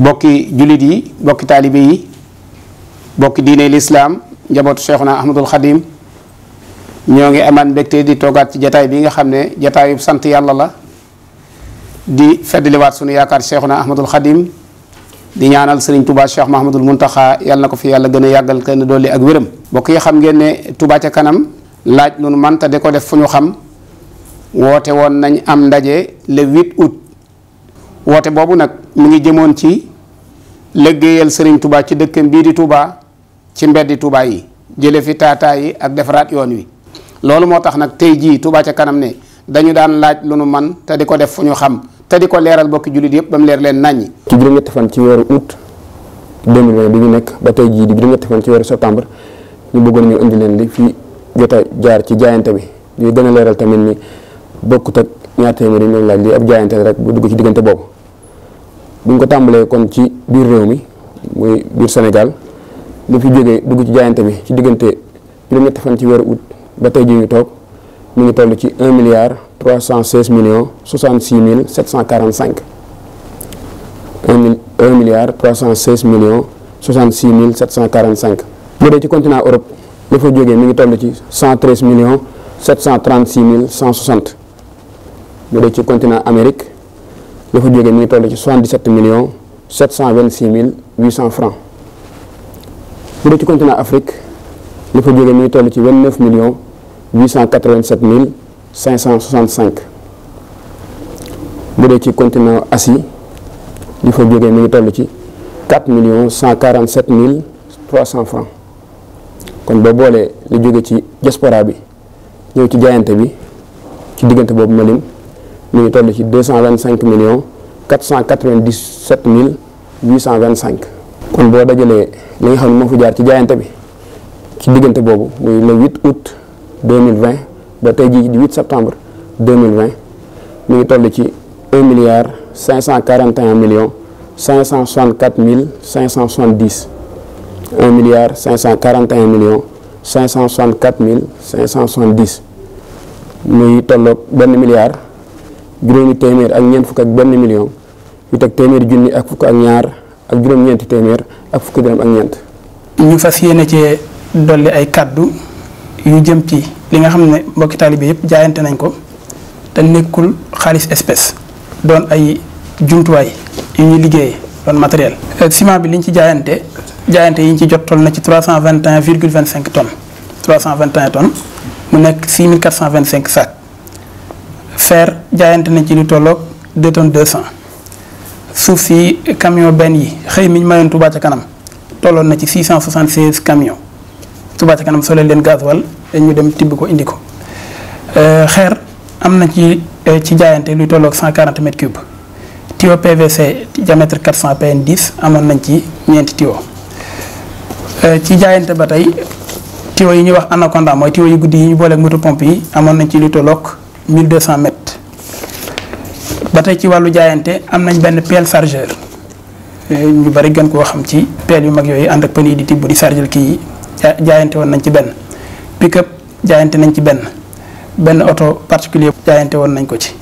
bokki jullit yi bokki taalibe yi bokki diine lislaam njabootu naa Ahmadul Xadim ñoo ngi amaan mbégte di toogaat ci jataay bii nga xam ne jataayub sant yàlla la di feddliwaat sunu yaakaar Cheikhuna Ahmadul Xadim di ñaanal sëriñ Touba Cheikh Mahamadul Muntaxa yàlla na ko fi yàlla gën a yàggal kenn dolli ak wéram bokk yi xam ngeen ne Touba ca kanam laaj lu nu manta di ko def fu ñu xam woote woon nañ am ndaje le 8 août woote boobu nag mu ngi jëmoon ci léggéeyal sëriñ Touba ci dëkkam bii di Touba ci mbeddi Touba yi jële fi taataay yi ak defaraat yoon wi loolu moo tax nag tey jii Touba ca kanam ne dañu daan laaj lu nu man te di ko def fu ñu xam te di ko leeral bokki jullit yëpp ba mu leer leen nàññi ci juróom-ñetti fan ci weeru août 2020 bi ñu nekk ba tey jii di juróom-ñetti fan ci weeru septembre ñu bëggoon ñu indi leen li fi jot a jaar ci jaayante bi ñu gën a leeral tamit ni bokkut ak ñaar téeméeri ñu laaj ab jaayante rek bu dugg ci diggante boobu buñ ko tàmbalee kon ci biir réew mi muy biir Sénégal lu fi jógee dugg ci jaayante bi ci diggante juróom-ñetti fan ci weeru août ba tey ji ñu toog mu ngi toll ci 1 milliard 316 millions 66 mille 745 1 1 milliard cent millions 66 mille 745. bu dee ci continent Europe lu fa jógee mi ngi toll ci 113 millions 736 mille 160 bu dee ci continent Amérique. la fa jógee mi ngi toll ci 77 millions 726 mille 800 francs bu dee ci continent Afrique la fa jógee mi ngi toll ci vingt 29 millions 887 mille 565 bu dee ci continent Asie li fa jógee mi ngi toll ci 4 millions 147 mille 300 francs kon boo boolee li jóge ci diaspora bi ñëw ci jaayante bi ci diggante boobu ma mu ngi toll ci deux cent vingt cinq millions quatre cent quatre vingt dix mille huit cent cinq. kon boo dajalee li nga xam ne moo fi jaar ci jaayante bi ci diggante boobu muy le huit août mille vingt ba tey jii di septembre deux mille vingt mi ngi toll ci un milliard cinq cent quarante un millions cinq cent soixante quatre mille cinq cent soixante un milliard cinq cent quarante et un millions cinq cent mille cinq cent soixante dix muy tolloog benn milliard. juróomi téeméer ak ñeent fukk ak benn million yu teg téeméeri junni ak fukk ak ñaar ak juróom-ñeenti téeméer ak fukki dërëm ak ñeent. ñu fas yéene cee dolli ay kàddu yu jëm ci li nga xam ne mbokki taalibe yëpp jaayante nañ ko te nekkul xaalis espèce doon ay jumtuwaay yu ñuy liggéeyee doon matériel. Euh, ciment bi liñ ci jaayante jaayante yi ñu ci jot toll na ci trois cent vingt et un cinq tonnes trois cent vingt et un mu nekk six mille quatre cent vingt cinq sacs. jaayante nañ ci lu tolloog deux tonnes deux cent suuf si camion benn yi xëy mi ñu mayoon Touba kanam tolloon na ci six cent soixante seize camion Touba ca kanam soleel leen gasoil ñu dem tibb ko indi ko euh, xeer am na ci euh, ci jaayante lu tolloog cent quarante mètres cubes tuyau PVC diamètre quatre cent PN dix amoon nañ ci ñeenti tuyau euh, ci jaayante ba tey tuyau yi ñu wax anaconda mooy tuyau yu guddi yi ñu booleeg moto pompe yi amoon nañ ci lu tolloog mille deux cent ba tey ci wàllu jaayante am nañ benn pelle chargeur eh, ñu bari gën koo xam ci pelle yu mag yooyu ànd ak pën yi di tibb di chargeur kii jaayante woon nañ ci benn pick-up jaayante nañ ci benn benn oto particulier jaayante woon nañ ko ci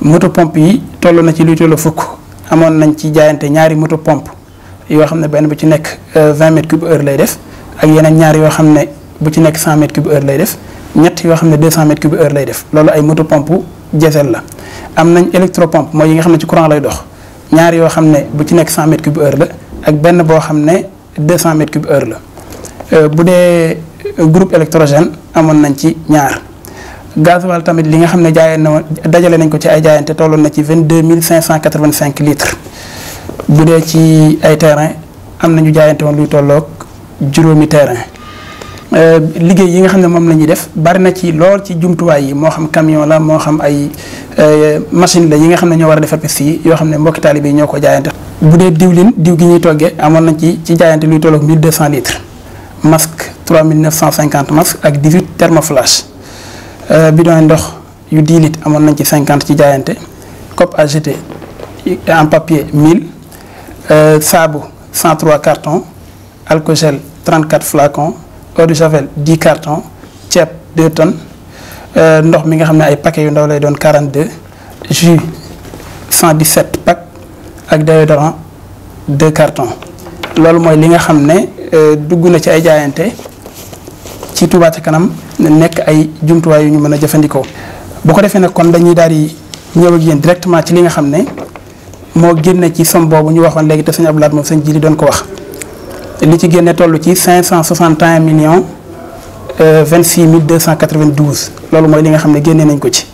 moto pompe yi toll na ci lu toll fukk amoon nañ ci jaayante ñaari moto pompe yoo xam ne benn bu ci nekk 20 euh, mètres cube heure lay def ak yeneen ñaari yoo xam ne bu ci nekk 100 mètres cube heure lay def ñett yoo xam ne 200 mètres cube heure lay def loolu ay moto pompe diesel la am nañ électropompe mooy yi nga xam ne ci courant lay dox ñaar yoo xam ne bu ci nekk 100 mètres cube heure la ak benn boo xam ne 200 mètres cube heure la euh, bu dee euh, groupe électrogène amoon nañ ci ñaar gaz gasoil tamit li nga xam ne jaayeen na dajale nañ ko ci ay jaayante tolloon na ci 22 585 litres bu dee ci ay terrain am nañu jaayante woon luy tollook juróomi terrain Euh, liggéey yi nga xam ne moom la ñuy def bari na ci lool ci jumtuwaay yi moo xam camion la moo xam ay euh, machine la yi nga xam ne ñoo war a defar piste yoo xam ne mbokki taalibe yi ñoo ko jaayante. bu dee diwlin diw gi ñuy toggee amoon nañ ci ci jaayante luy tolloog 1200 litres masque 3950 masque ak 18 thermoflash euh, bidon ndox yu 10 litres amoon nañ ci 50 ci jaayante cope à en papier 1000 saabu 103 cartons alcogel 34 flacons. eau de javel 10 cartons ceeb 2 tonnes euh, ndox mi nga xam ne ay paquets yu ndaw lay doon cent jus 117 pack ak de 2 cartons loolu mooy li nga xam ne euh, dugg na ci ay jaayante ci Touba ca kanam nekk ay jumtuwaay yu ñu mën a jëfandikoo bu ko defee nag kon dañuy daal di ñëw ak yéen directement ci li nga xam ne moo génne ci somme boobu ñu waxoon léegi te sëñ Abdoulaye moom sëñ Jili doon ko wax. li ci génne toll ci cinq cent soixante et un millions euh, vingt six mille deux cent quatre vingt douze loolu mooy li nga xam ne génne nañ ko ci.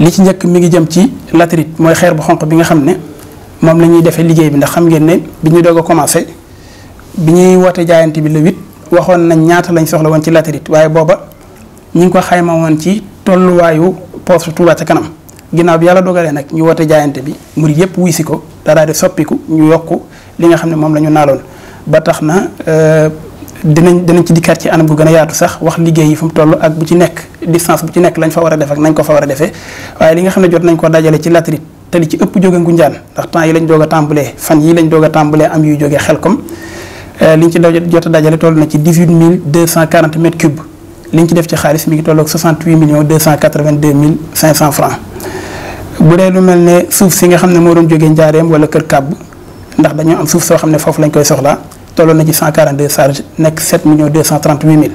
li ci njëkk mi ngi jëm ci latérite mooy xeer bu xonq bi nga xam ne moom la ñuy defee liggéey bi ndax xam ngeen ne bi ñu doog a commencé bi ñuy woote jaayante bi le huit waxoon nañ ñaata lañ soxla woon ci latérite waaye booba ñu ngi ko xayma woon ci tolluwaayu poste Touba ca kanam. ginnaaw bi yàlla dogalee nag ñu woote jaayante bi murid yëpp wuy si ko dara di soppiku ñu yokk li nga xam ne moom la ñu naaloon ba tax na euh, dinañ dinañ ci dikkaat ci anam gu gën a yaatu sax wax liggéey yi fu mu toll ak bu ci nekk distance bu ci nekk lañ fa war a def ak nañ ko fa war a defee waaye li nga xam ne jot nañ ko dajale ci latrit te li ci ëpp jóge Ngunjaan ndax temps yi lañ doog a tàmbalee fan yi lañ doog a tàmbalee am yuy jógee Xelkom euh, liñ ci jot a dajale toll na ci 18240 mètres cubes liñ ci def ci xaalis mi ngi tolloog 68 millions 282 mille 500 francs bu dee lu mel ne suuf si nga xam ne moo doon jógee Njaareem wala Kër Kàbb ndax dañoo am suuf soo xam ne foofu lañ koy soxlaa tolloon na ci 142 charges nekk 7 millions 238 mille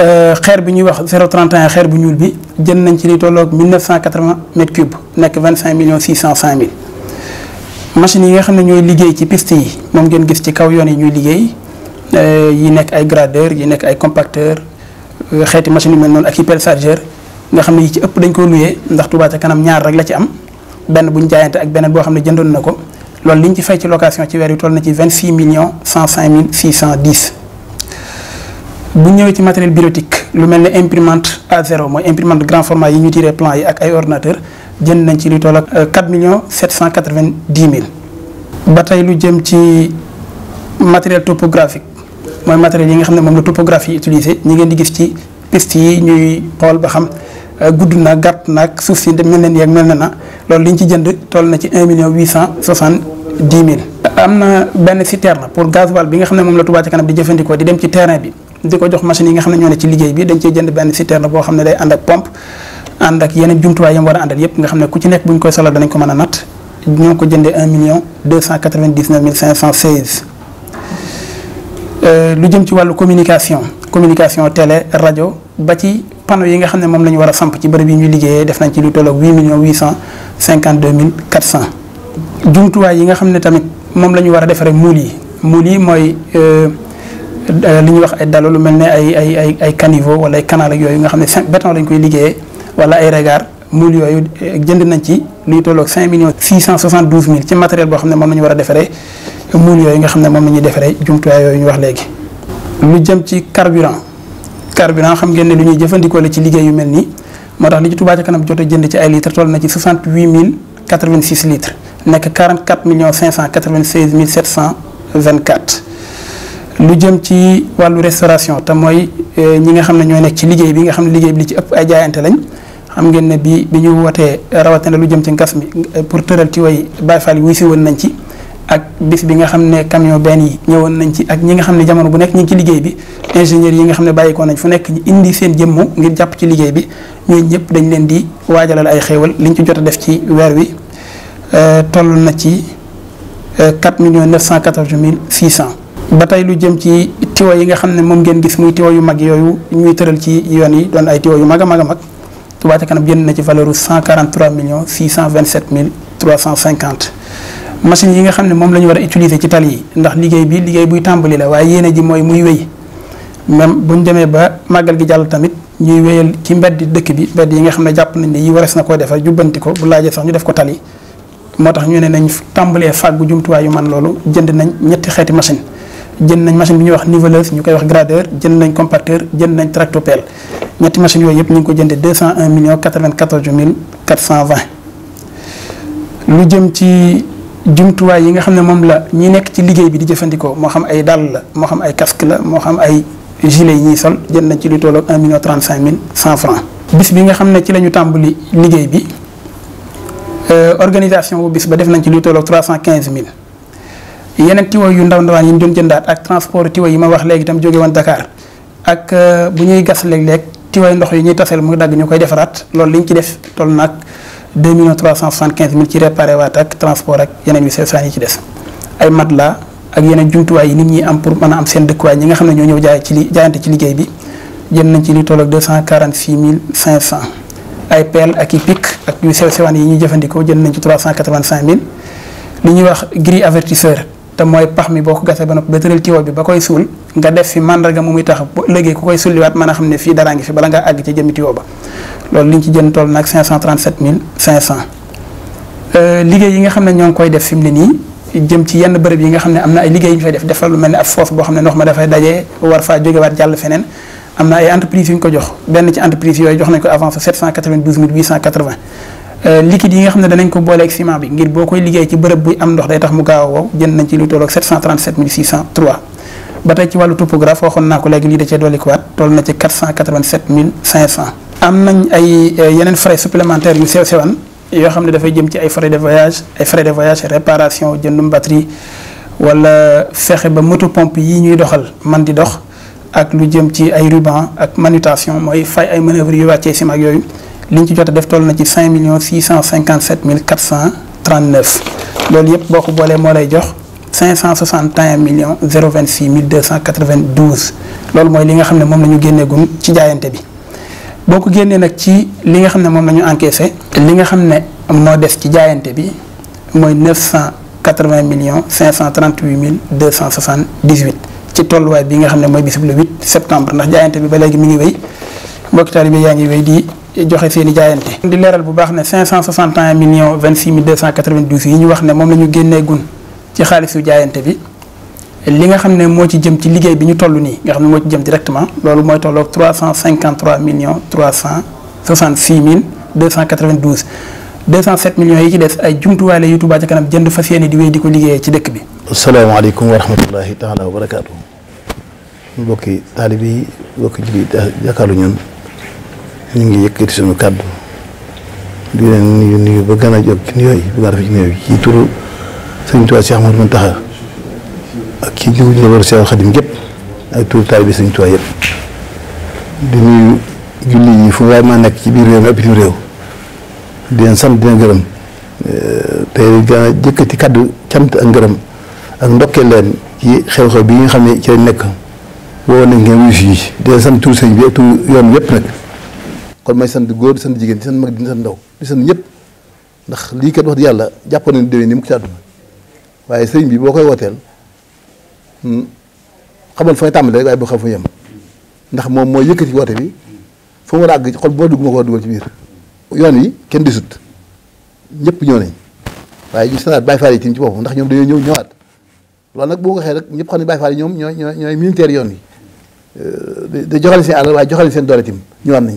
euh, xeer bi ñuy wax 031 xeer bu ñuul bi jënd nañ ci li tolloog 1980 mètres cubes nekk 25 millions 605 mille machines yi nga xam ne ñooy liggéey ci piste yi moom ngeen gis ci kaw yoon yi ñuy liggéey euh, yi nekk ay gradeur yi nekk ay compacteur euh, xeeti machine yu mel noonu ak yi pelchargeur nga xam ne yi ci ëpp dañ ko luyee ndax Touba kanam ñaar rek la ci am benn bu ñu jaayante ak beneen boo xam ne jëndoon na ko loolu li ñu ci fay ci location ci weer wi toll na ci vingt six millions cent cinq mille six cent dix bu ñëwee ci matériel bureautique lu mel ne imprimante A0 mooy imprimante grand format yi ñu tiré plan yi ak ay ordinateur jënd nañ ci lu toll ak euh, quatre millions sept cent quatre vingt dix mille ba tey lu jëm ci matériel topographique mooy matériel yi nga xam ne moom la topographie utiliser ñu ngeen di gis ci piste yi ñuy xool ba xam. Euh, gudd na gàtt naag suuf si mel na nii ak mel na na loolu li ñu ci jënd toll na ci un million huit cent soixante dix mille. am na benn citerne pour gasoil bi nga xam ne moom la Touba Ca Kanam di jëfandikoo di dem ci terrain bi di ko jox machine yi nga xam ne ñoo ne ci liggéey bi dañ cee jënd benn citerne boo xam ne day ànd ak pompe ànd ak yeneen jumtuwaay yam war a àndal yëpp nga xam ne ku ci nekk bu ñu koy solal danañ ko mën a natt ñoo ko jëndee un million deux cent quatre-vingt-dix-neuf mille cinq euh, jëm ci wàllu communication communication télé rajo ba ci. panneau yi nga xam ne moom la ñu war a samp ci bërëb yi ñuy liggéeyee def nañ ci lu tolloog 8 millions 852 mille 400 jumtuwaay yi nga xam ne tamit moom la ñu war a defaree muul yi muul yi mooy euh, li ñuy wax ay dalo lu mel ne ay ay ay ay caniveau wala ay canal yooyu nga xam ne cinq béton lañ koy liggéeyee wala ay regard muul yooyu euh, jënd nañ ci luy tolloog 5 millions 672 mille ci matériel boo xam ne moom la ñu war a defaree nga xam ne moom la ñuy defaree jumtuwaay yooyu ñu wax léegi. lu jëm ci carburant carburant xam ngeen ne lu ñuy jëfandikoo la ci liggéey yu mel nii moo tax li ci Touba ca kanam jot a jënd ci ay litres toll na ci 68 mille 86 litres nekk 44 millions 596 mille 724. lu jëm ci wàllu restauration te mooy euh, ñi nga xam ne ñoo nekk ci liggéey bi nga xam ne liggéey bi li ci ëpp ay jaayante lañ xam ngeen ne bi bi ñu wootee rawatina lu jëm ci ngas mi pour tëral ci way Baye Fall wuy si woon nañ ci. ak bis bi nga xam ne camion benn yi ñëwoon nañ ci ak ñi nga xam ne jamono bu nekk ñu ci liggéey bi ingénieurs yi nga xam ne bàyyikoo nañ fu nekk ñu indi seen jëmm ngir jàpp ci liggéey bi ñooñu ñëpp dañ leen di waajalal ay xéewal liñ ci jot a def ci weer wi euh, toll na ci 4 euh, millions 914 mille 600. ba tey lu jëm ci tiwa yi nga xam ne moom ngeen gis muy tiwa yu mag yooyu ñuy tëral ci yoon yi doon ay tiwa yu mag a mag a mag Touba ca kanam jënd na ci valeur bu 143 millions 627 mille 350. machine yi nga xam ne moom lañu war a utiliser ci tali yi ndax liggéey bi liggéey buy tàmbali la waaye yéene ji mooy muy wéy même bu ñu demee ba màggal gi jàll tamit ñuy wéyal ci mbedd dëkk bi mbedd yi nga xam ne jàpp nañ ne yi warees na koo defar jubbanti ko sax ñu def ko tali moo tax ñu ne nañ tàmbalee fàggu jumtuwaay yu man loolu jënd nañ ñetti xeeti machine jënd nañ machine bi ñuy wax niveleuse ñu koy wax gradeur jënd nañ compacteur jënd nañ tractopelle ñetti machines yooyu yëpp ñu ngi ko jëndee 201 millions 94 mille 420 lu jëm ci jumtuwaay yi nga xam ne moom la ñi nekk ci liggéey bi di jëfandikoo moo xam ay dàll la moo xam ay casque la moo xam ay gilet yi ñuy sol jënd nañ ci lu toll ak un million trente mille cent franc bis bi nga xam ne ci la tàmbali liggéey bi euh, organisation bu bis ba def nañ ci lu toll ak cent quinze mille yeneen tiwo yu ndaw ndawaan yi ñu doon jëndaat ak transport tiwo yi ma wax léegi itam jóge woon Dakar ak euh, bu ñuy gas léeg-léeg tiwo ndox yi ñuy taseel mu dagg ñu koy defaraat loolu liñ ci def toll nag deux millions trois cent soixante quinze mille ci réparé waat ak transport ak yeneen yu seesaan yi ci des ay matelas ak yeneen jumtuwaay yi nit ñi am pour mën a am seen dëkkuwaay ñi nga xam ne ñoo ñëw jaay ci li jaayante ci liggéey bi jël nañ ci li toll ak deux cent quarante six cent ay pelle ak i pic ak yu sew sewaan yi ñuy jëfandikoo jën nañ ci trois cent quatre vingt cinq mille li ñuy wax grille avertisseur te mooy pax mi boo ko gasee ba noppi ba tëral tiwo bi ba koy suul nga def fi màndarga mu muy tax bu ëllëgee ku koy sulliwaat mën a xam ne fii dara ngi fi bala ngaa àgg ci jëmi tiwo ba loolu li ñu ci jënd toll nag 537 500 euh, liggéey nga xam ne ñoo ngi koy def fi mu ne nii yenn bërëb yi nga xam ne am na ay liggéey yu ñu fay def defal lu mel ne ab foos boo xam ne ndox ma dafay dajee war faa jógewaat jàll feneen am na ay entreprise yu ñu ko jox benn ci entreprise yooyu jox nañ ko avance 792 880 Euh, liquide yi nga xam ne danañ ko booleeg ciment bi ngir boo koy liggéey ci bërëb buy am ndox day tax mu gaaw a wow jënd nañ ci lu toll ak 737 603 na tey ci wàllu topographe waxoon naa ko léegi lii da cee dollikuwaat toll na ci 487 500. am nañ ay euh, yeneen frais supplémentaires yu sew sewan yoo xam ne dafay jëm ci ay frais de voyage ay frais de voyage réparation jëndum batterie wala fexe ba moto pompe yi ñuy doxal man di dox ak lu jëm ci ay ruban ak manutention mooy fay ay manœuvres yu wàccee ciment ak yooyu. li ñu ci jot a def toll na ci cinq millions six cent cinquante sept mille quatre cent trente neuf loolu yëpp boo ko boolee moo lay jox cinq cent soixante et un millions zéro vingt six mille deux cent quatre vingt douze loolu mooy li nga xam ne moom la génnee gun ci jaayante bi boo ko génnee nag ci li nga xam ne moom la ñu encaissé li nga xam ne moo des ci jaayante bi mooy neuf cent quatre vingt millions cinq cent trente huit mille ci tolluwaay bi nga xam ne mooy bisub le septembre ndax jaayante bi ba léegi mi ngi wéy mbokki taalibe yaa ngi wéy di. joxe seen i jaayante. di leeral bu baax ne 561 millions 26 mille 292 yi ñu wax ne moom la ñu génnee gun ci xaalisu jaayante bi li nga xam ne moo ci jëm ci liggéey bi ñu toll nii nga xam ne moo ci jëm directement loolu mooy tolloog 353 millions 366 mille 292 207 millions yi ci des ay jumtuwaale yu ci ca kanam jënd fas yéene di wéy di ko liggéeyee ci dëkk bi. asalaamaaleykum wa rahmatullahi taala wa barakaatu. mbokki taalibe yi mbokki jullit jàkkaarlu ñun. ñu ngi yëkkati suñu kàddu di leen nuyu nuyu ba gën a jóg ci nuyoo yi bu ci nuyoo yi ci turu sëñ Tuubaa Cheikh Ahmadou Mountakha ak ci ñëw ñu la war Cheikh Khadim gépp yëpp di nuyu julli nekk ci biir réew mi ak bitim réew di leen jëkkati kàddu cant ak ak ndokkeel leen ci xew bi nga xam ne ci lañ nekk woo nañ turu sëñ bi ak turu yoon yëpp nag kon may sant góor di jigéen di sant mag di sant ndaw di sant ñëpp ndax lii kat wax yàlla jàppoon nañu déwén ni mu waaye sëriñ bi boo koy wooteel hmm, xamal fa nga tàmbalee rek waaye boo xam yem ndax moom mooy yëkkati woote bi fu mu xol boo dugg ma ko war yoon wi kenn disut ñëpp ñëw nañ waaye ñu sanaat Baye Fall yi tim ci boppam ndax ñoom dañoo ñëw ñëwaat loolu nag boo nga xee rek ñëpp xam ne Baye Fall yi ñoom ñooy ñooy yoon wi euh, da joxale seen àll waaye joxale seen doole tim nañ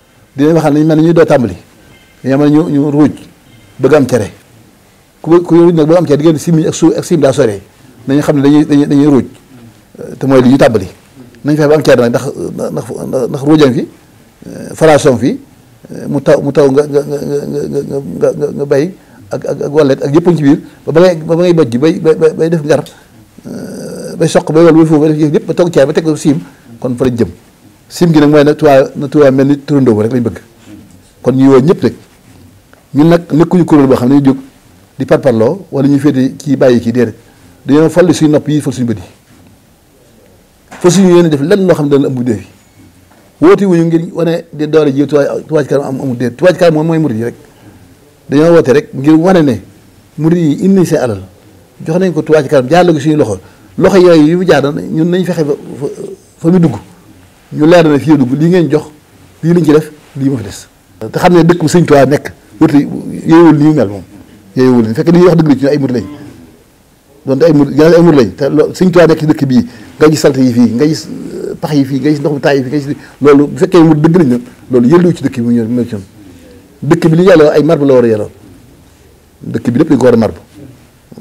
dinañ waxal nañ mel ni ñuy doo tàmbali dañoo mel ñu ñu ruuj bëgg am cere ku ku ruuj nag bëgg am cere diggante simi ak suuf ak sim daa sore nañu xam ne dañuy dañuy dañuy ruuj te mooy li ñu tàmbali nañ fexe ba am cere nag ndax ndax ndax ruujam fi eh, faration fi eh, mu taw mu taw nga nga nga nga nga nga nga bay ak ak ak wallet ak yëpp ci biir ba ba ngay ba ngay bojj bay bay bay def ngar eh, bay soq bay wal bay foofu bay def yëpp ba toog cere ba teg ko siim kon fa lañ jëm sim gi nag mooy na Tuubaa na Tuubaa mel ni turandoo rek lañ bëgg kon ñu woo ñëpp rek ñu nag nekkuñu kuréel boo xam ne ñu jóg di parparloo wala ñu féete ci bàyyi kii déedéet dañoo fal suñu nopp yi fal suñu bët yi fal suñu yéene def lenn loo xam ne dana ëmb déef yi woote wuñu ngir wane di doole ji Tuubaa Tuubaa ci kanam am amul déet Tuubaa ci moom mooy murid yi rek dañoo woote rek ngir wane ne murid yi indi seen alal jox nañ ko Tuubaa ci kanam jaarale ko loxo loxo yooyu yu mu ñun nañ fexe fa fa mu dugg ñu leer na fii dugg lii ngeen jox lii lañ ci def lii ma fi des te xam ne dëkk bu sëñ Tuubaa nekk wërti moom yooyuwul nii fekk li ñuy wax ci ay mur lañ doonte ay mur gannaaw ay mur lañ te sëñ Tuubaa ci dëkk bii nga gis salte yi fii nga gis euh, pax fii nga gis ndox mi taay yi fii nga gis loolu na loolu yëlluwu ci dëkk bi mu ñëw ñëw dëkk bi li yàlla ay marbre la war a dëkk bi lépp dañ ko war a marbre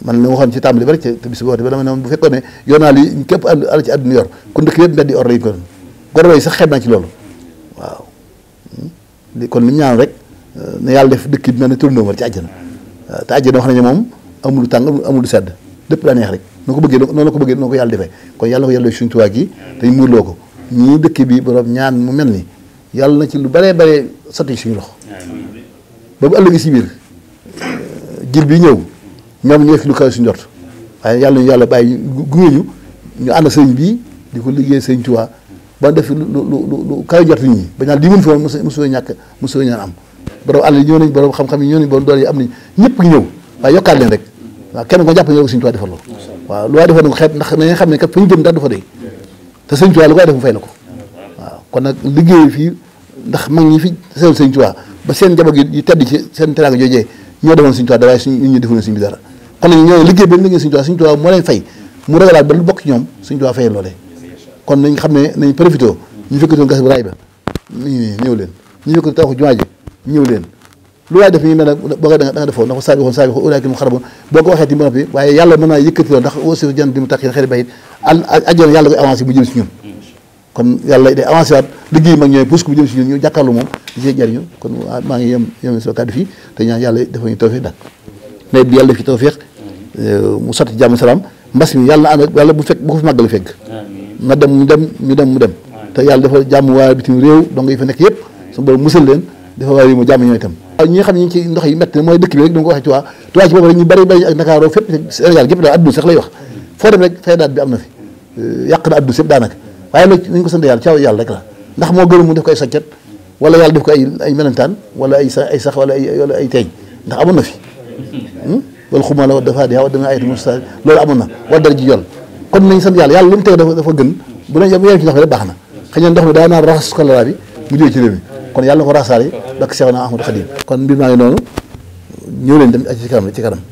man li ma waxoon ci tàmbali ba rek te bis boo xam ne bu fekkoon ne yor naa li képp àll ci àdduna yor kon dëkk yëpp mbedd di or lañ ko waraba yi sax xeeb naa ci loolu waaw hmm? kon li ñaan rek euh, na yàlla def dëkk bi mel ne turndóomar ci àjjana euh, te àjjana wax nañu moom amul lu tàng amul lu sedd lépp daa neex rek noo ko bëggee noonu la ko bëggee noo ko yàlla defee kon yàlla ko yàlla suñu tuwaa gi te ñu muurloo ko ñii dëkk bi borom ñaan mu mel ni yàlla na ci lu baree baree sotti suñu loxo ba bu ëllëgee si biir euh, jil bi ñëw ñoom ñu def lu kaw suñu njort waaye yàlla ñu yàlla bàyyi gunge ñu ñu ànd sëñ bii di ko liggéey sëñ ba def lu lu lu lu kawe jot nit ñi ba ñaan lii mën fi woon mosu ñàkk mosu ñaan am borom àll yi ñëw nañ borom xam-xam yi ñëw nañ borom doole yi am nañ ñëpp ngi ñëw waaye yokkaat leen rek waaw kenn ko jàpp ne yow Sëñ Tuubaa defal la waaw lu waay defal na ko xeeb ndax nañ xam ne kat fa ñu jëm dara du fa dey te Sëñ Tuubaa lu waay def mu fay la ko waaw kon nag liggéey fii ndax mag ñi fi seen Sëñ Tuubaa ba seen jabar yi tedd ci seen teraanga joojee ñoo defoon Sëñ Tuubaa da waaye suñ nit ñi defuñu suñ bi dara kon nag ñoo liggéey ba liggéey Sëñ Tuubaa Sëñ Tuubaa moo leen fay mu ragalaat ba lu bokk ñoom Sëñ Tuubaa fayee loolee kon nañ xam ne nañ profité ñu fekk doon gas bu raay ba nii nii ñëw leen ñu fekk taxu jumaa ji ñëw leen lu waaye def ñu mel da nga defoo na ko saabixoon saabixoon boo ko waxee ti bonopi waaye yàlla mën naa yëkkati loolu ndax aussi jant mu jëm si ñun ñu jàkkaarlu moom di see jariñu kon maa ngi yem yem soo kàddu yàlla euh, mu fekk bu ko fi màggal fekk na dem dem ñu dem mu dem te yàlla dafa jàmm waa bitim réew donc yi fa nekk yëpp su boobu musal leen dafa waa yi mu jàmm ñooy itam waaw ñi xam ne ñi ci ndox yi métti mooy dëkk bi rek dama ko waxee Tuubaa ci boobu rek sax lay wax foo dem rek fay bi am na fi euh, yàq na adduna sépp daanaka waaye nag nañ ko sant yàlla caaw yàlla rek la ndax moo gën mu def ko ay sàccat wala yàlla def ko ay melentaan wala ay sa ay sax wala ay wala ay teeñ ndax amoon na fi hmm? wala xuma la wa dafa di aw dama ayatu musta loolu amoon na wa dara ji yoon kon nañ sant yàlla yàlla da mu teg dafa dafa gën bu leen yem ci ndox mi rek baax na xëy ndox mi daa naan raxas choléra bi mu jógee ci réew kon yàlla na ko rasaale bakk Seexna Ahmadu Xadim kon mbir maa ngi noonu ñëw leen dem ci kanam ci kanam